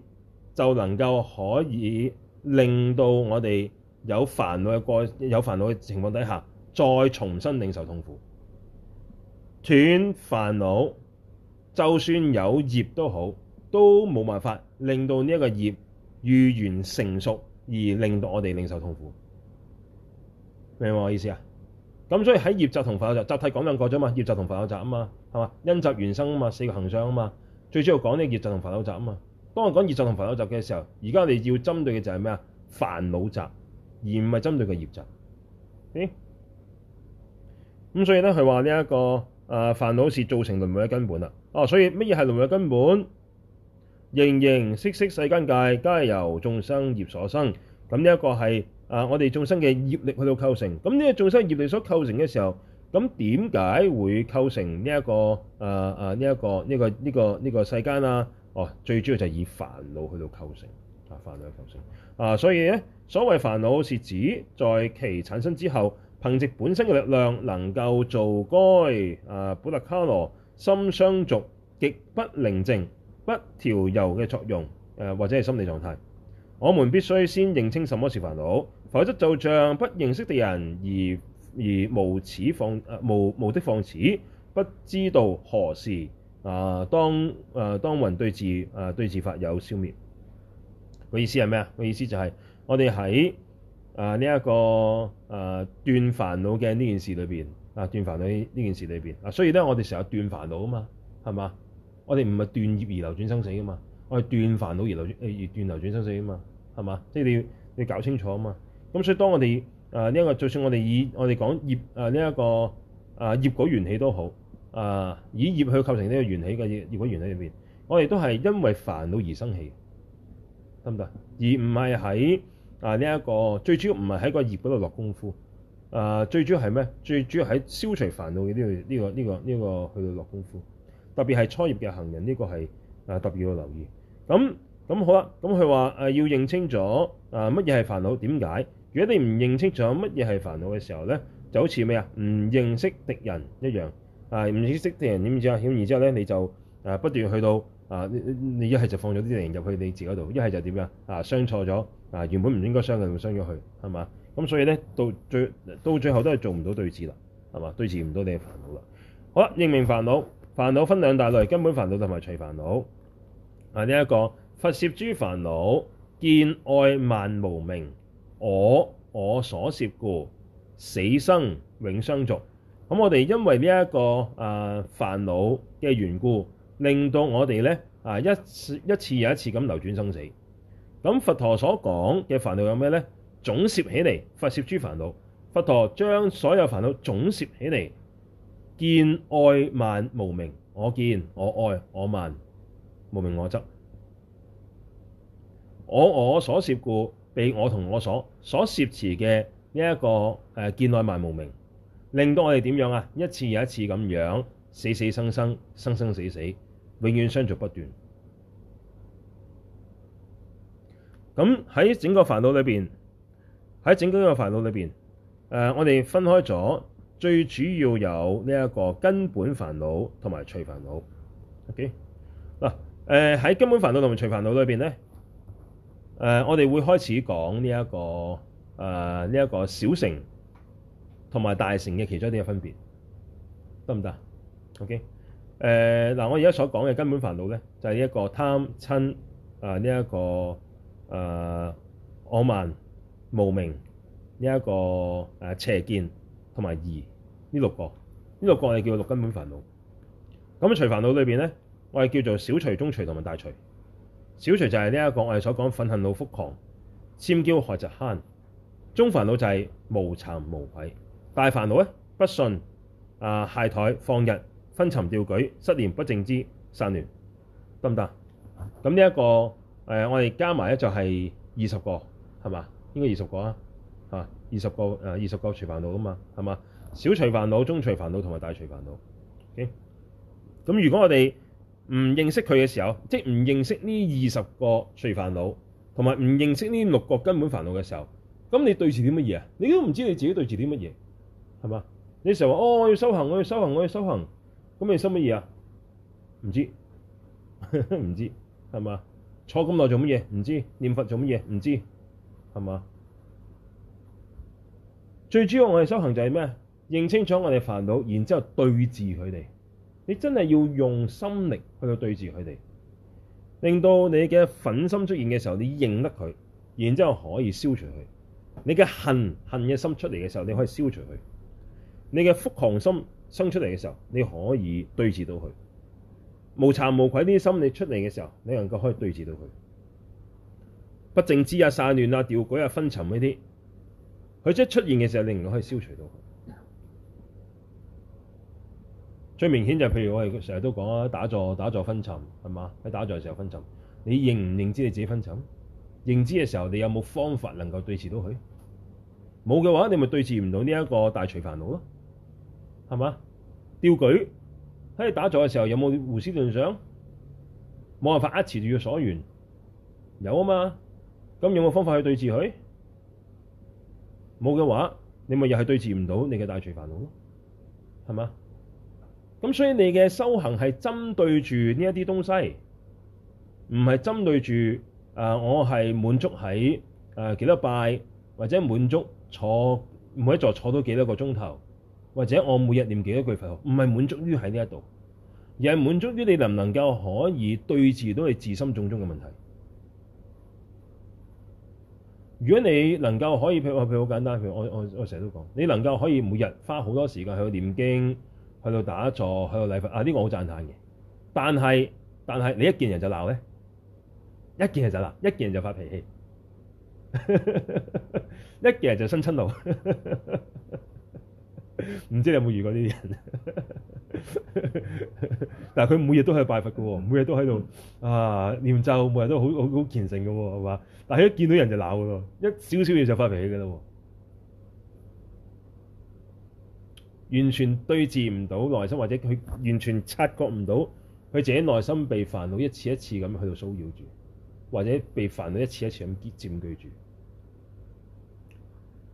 就能夠可以。令到我哋有煩惱嘅過去，有煩惱嘅情況底下，再重新領受痛苦。斷煩惱，就算有業都好，都冇辦法令到呢一個業遇緣成熟而令到我哋領受痛苦。明唔明我意思啊？咁所以喺業集同煩惱集集諦講兩個啫嘛，業集同煩惱集啊嘛，係嘛？因集緣生啊嘛，四個行相啊嘛，最主要講呢個業集同煩惱集啊嘛。當我講業集同煩惱集嘅時候，而家我哋要針對嘅就係咩啊？煩惱集，而唔係針對嘅業集。咦、okay? 嗯？咁所以咧，佢話呢一個啊煩惱是造成輪迴嘅根本啦。哦，所以乜嘢係輪迴嘅根本？形形色色世間界，皆係由眾生業所生。咁呢一個係啊、呃，我哋眾生嘅業力去到構成。咁、嗯、呢、這個眾生業力所構成嘅時候。咁點解會構成呢、這、一個誒誒呢一個呢、這個呢個呢個世間啊？哦，最主要就係以煩惱去到構成啊，煩惱構成啊，所以咧，所謂煩惱是指在其產生之後，憑藉本身嘅力量能夠造該誒補特伽羅心相續極不寧靜、不調柔嘅作用、啊、或者係心理狀態。我們必須先認清什麼是煩惱，否則就像不認識敵人而而無的放誒、啊、無無的放矢，不知道何時啊？當誒、啊、當雲對治誒、啊、對治法有消滅，這個意思係咩啊？這個意思就係我哋喺誒呢一個誒斷煩惱嘅呢件事裏邊啊，斷煩惱呢呢件事裏邊啊，所以咧我哋成日斷煩惱啊嘛，係嘛？我哋唔係斷業而流轉生死啊嘛，我係斷煩惱而流轉而斷流轉生死啊嘛，係嘛？即係你你要搞清楚啊嘛。咁所以當我哋誒呢一個，就算我哋以我哋講業誒呢一個誒業果緣起都好，誒、啊、以業去構成呢個緣起嘅業，業果緣起裏邊，我哋都係因為煩惱而生氣，得唔得？而唔係喺啊呢一、這個最主要唔係喺個業嗰度落功夫，誒最主要係咩？最主要喺、啊、消除煩惱嘅呢個呢、這個呢、這個呢、這個這個去落功夫，特別係初業嘅行人呢、這個係、啊、特別要留意。咁咁好啦，咁佢話誒要認清咗誒乜嘢係煩惱，點、啊、解？如果你唔認識仲有乜嘢係煩惱嘅時候咧，就好似咩啊？唔認識敵人一樣啊！唔認識敵人點知啊？咁然之後咧，你就啊不斷去到啊，你一係就放咗啲敵人入去你自己度，一係就點樣啊？傷錯咗啊！原本唔應該傷嘅，仲傷咗去係嘛？咁所以咧，到最到最後都係做唔到對峙啦，係嘛？對峙唔到你嘅煩惱啦。好啦，認明煩惱，煩惱分兩大類，根本煩惱同埋隨煩惱啊。呢、這、一個佛涉諸煩惱，見愛慢無明。我我所攝故，死生永相續。咁我哋因為呢、這、一個誒煩惱嘅緣故，令到我哋咧啊一次一,一次又一次咁流轉生死。咁佛陀所講嘅煩惱有咩咧？總攝起嚟，佛攝諸煩惱。佛陀將所有煩惱總攝起嚟，見愛慢無明，我見我愛我慢無明我執，我我所攝故。被我同我所所攝持嘅呢一個誒、啊、見愛慢無明，令到我哋點樣啊？一次又一次咁樣死死生生生生死死，永遠相續不斷。咁喺整個煩惱裏邊，喺整個呢個煩惱裏邊，誒、啊、我哋分開咗，最主要有呢一個根本煩惱同埋隨煩惱。OK 嗱誒喺根本煩惱同埋隨煩惱裏邊咧。誒、呃，我哋會開始講呢一個誒，呢、呃、一、這個小乘同埋大乘嘅其中一啲嘅分別，得唔得？OK，誒、呃、嗱、呃，我而家所講嘅根本煩惱咧，就係呢一個貪瞋啊，呢一、呃這個誒、呃、傲慢無明，呢、這、一個誒、呃、邪見同埋疑呢六個，呢六個我哋叫做六根本煩惱。咁隨煩惱裏面咧，我哋叫做小隨、中隨同埋大隨。小隨就係呢一個，我哋所講忿恨惱、覆誑、諂憍害嫉慳，中煩惱就係無慚無愧，大煩惱咧不信啊，懈怠放逸惛沈掉舉失念不正知散亂，得唔得？咁呢一個誒、呃，我哋加埋咧就係二十個，係嘛？應該二十個啊，嚇二十個誒，二、啊、十個隨煩惱噶嘛，係嘛？小隨煩惱、中隨煩惱同埋大隨煩惱 o、okay? 咁如果我哋唔認識佢嘅時候，即係唔認識呢二十個隨煩惱，同埋唔認識呢六個根本煩惱嘅時候，咁你對治啲乜嘢啊？你都唔知你自己對治啲乜嘢，係嘛？你成日話哦，我要修行，我要修行，我要修行，咁你修乜嘢啊？唔知，唔 知，係嘛？坐咁耐做乜嘢？唔知，念佛做乜嘢？唔知，係嘛？最主要我哋修行就係咩啊？認清楚我哋煩惱，然之後對治佢哋。你真係要用心力去到對治佢哋，令到你嘅忿心出現嘅時候，你認得佢，然之後可以消除佢；你嘅恨恨嘅心出嚟嘅時候，你可以消除佢；你嘅覆誑心生出嚟嘅時候，你可以對治到佢；無慚無愧呢啲心理出嚟嘅時候，你能夠可以對治到佢；不正知啊、散亂啊、掉舉啊、惛沉呢啲，佢一出現嘅時候，你能夠可以消除到佢。最明顯就係，譬如我哋成日都講啊，打坐打坐昏沉係嘛？喺打坐嘅時候昏沉，你認唔認知你自己昏沉？認知嘅時候，你有冇方法能夠對治到佢？冇嘅話，你咪對治唔到呢一個大隨煩惱咯，係嘛？掉舉，喺打坐嘅時候有冇胡思亂想？冇辦法一詞住個所緣，有啊嘛？咁有冇方法去對治佢？冇嘅話，你咪又係對治唔到你嘅大隨煩惱咯，係嘛？咁所以你嘅修行係針對住呢一啲東西，唔係針對住啊、呃！我係滿足喺誒、呃、幾多拜，或者滿足坐每一座坐到幾多個鐘頭，或者我每日念幾多句佛號，唔係滿足於喺呢一度，而係滿足於你能唔能夠可以對治到你自心種種嘅問題。如果你能夠可以，譬如，譬如好簡單，譬如我我我成日都講，你能夠可以每日花好多時間去念經。去到打坐，去到禮佛，啊呢個我好贊歎嘅。但係但係你一見人就鬧咧，一見人就鬧，一見人就發脾氣， 一見人就生瞋怒。唔 知道你有冇遇過呢啲人？ 但係佢每日都係拜佛嘅喎，每日都喺度啊唸咒，每日都好好好虔誠嘅喎，係嘛？但係一見到人就鬧嘅咯，一少少嘢就發脾氣嘅啦喎。完全對治唔到內心，或者佢完全察覺唔到佢自己內心被煩惱一次一次咁去到騷擾住，或者被煩惱一次一次咁佔據住。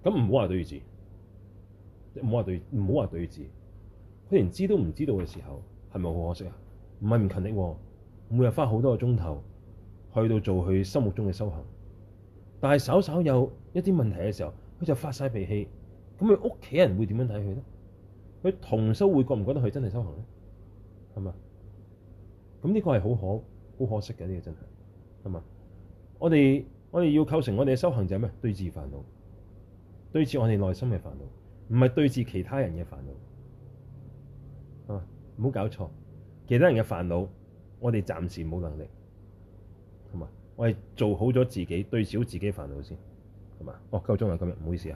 咁唔好話對治，唔好話對，唔好話對治。佢連知都唔知道嘅時候，係咪好可惜啊？唔係唔勤力喎，每日花好多個鐘頭去到做佢心目中嘅修行，但係稍稍有一啲問題嘅時候，佢就發晒脾氣。咁佢屋企人會點樣睇佢咧？佢同修會覺唔覺得佢真係修行咧？係嘛？咁呢個係好可好可惜嘅，呢個真係，係嘛？我哋我哋要構成我哋嘅修行就係咩？對治煩惱，對治我哋內心嘅煩惱，唔係對治其他人嘅煩惱。啊，唔好搞錯，其他人嘅煩惱，我哋暫時冇能力。係嘛？我係做好咗自己，對治自己煩惱先。係嘛？哦，夠鐘啦，今日唔好意思嚇。